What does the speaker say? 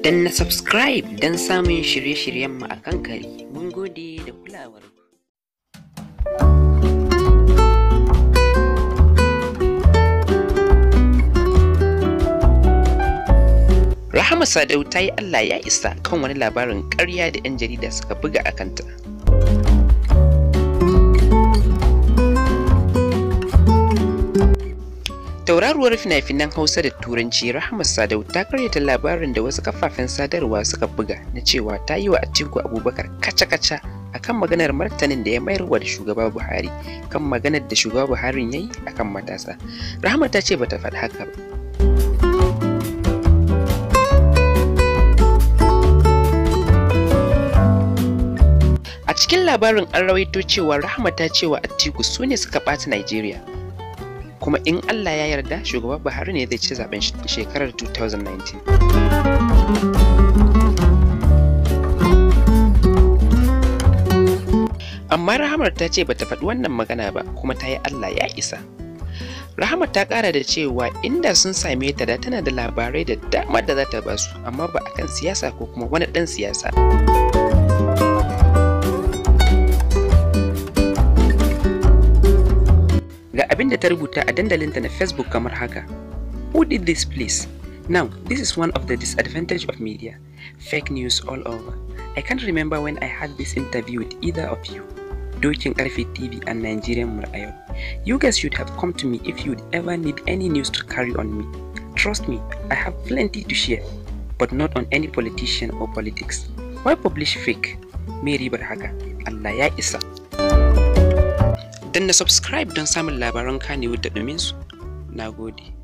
Dan na subscribe don samun shirye-shiryenmu a kan kari. Mun gode da kulawar. Rahama Sadau ta yi Allah ya isa kan wani labarin ƙarya da 'yan jarida suka buga a kanta. Tauraruwar fina-finan Hausa da Turanci Rahama Sadau ta karyata labarin da wasu kafafen sadarwa suka buga na cewa ta yi wa Atiku Abubakar kaca-kaca akan maganar martanin da ya mayar wa da shugaba Buhari kan maganar da shugaba Buhari ya yi akan matasa. Rahama ta ce bata faɗi haka ba. A cikin labarin an rawaito cewa Rahama ta ce wa Atiku su ne suka ɓata Najeriya. kuma in Allah ya yarda shugaba Buhari ne zai ci zaben shekarar 2019. Amma Rahamar ta ce bata faɗi wannan magana ba kuma ta yi Allah ya isa. Rahama ta ƙara da cewa inda sun same ta da tana da labarai da dama da za ta basu amma ba akan siyasa ko kuma wani ɗan siyasa. ga have been ta rubuta a dandalinta na Facebook kamar haka. Who did this please? Now, this is one of the disadvantage of media. Fake news all over. I can't remember when I had this interview with either of you. Dokin Karfi TV and Nigerian Muraya. You guys should have come to me if you'd ever need any news to carry on me. Trust me, I have plenty to share, but not on any politician or politics. Why publish fake? Mary Barhaka, Allah ya isa. danna subscribe don samun labaran kanewu da ɗuminsu. Na gode.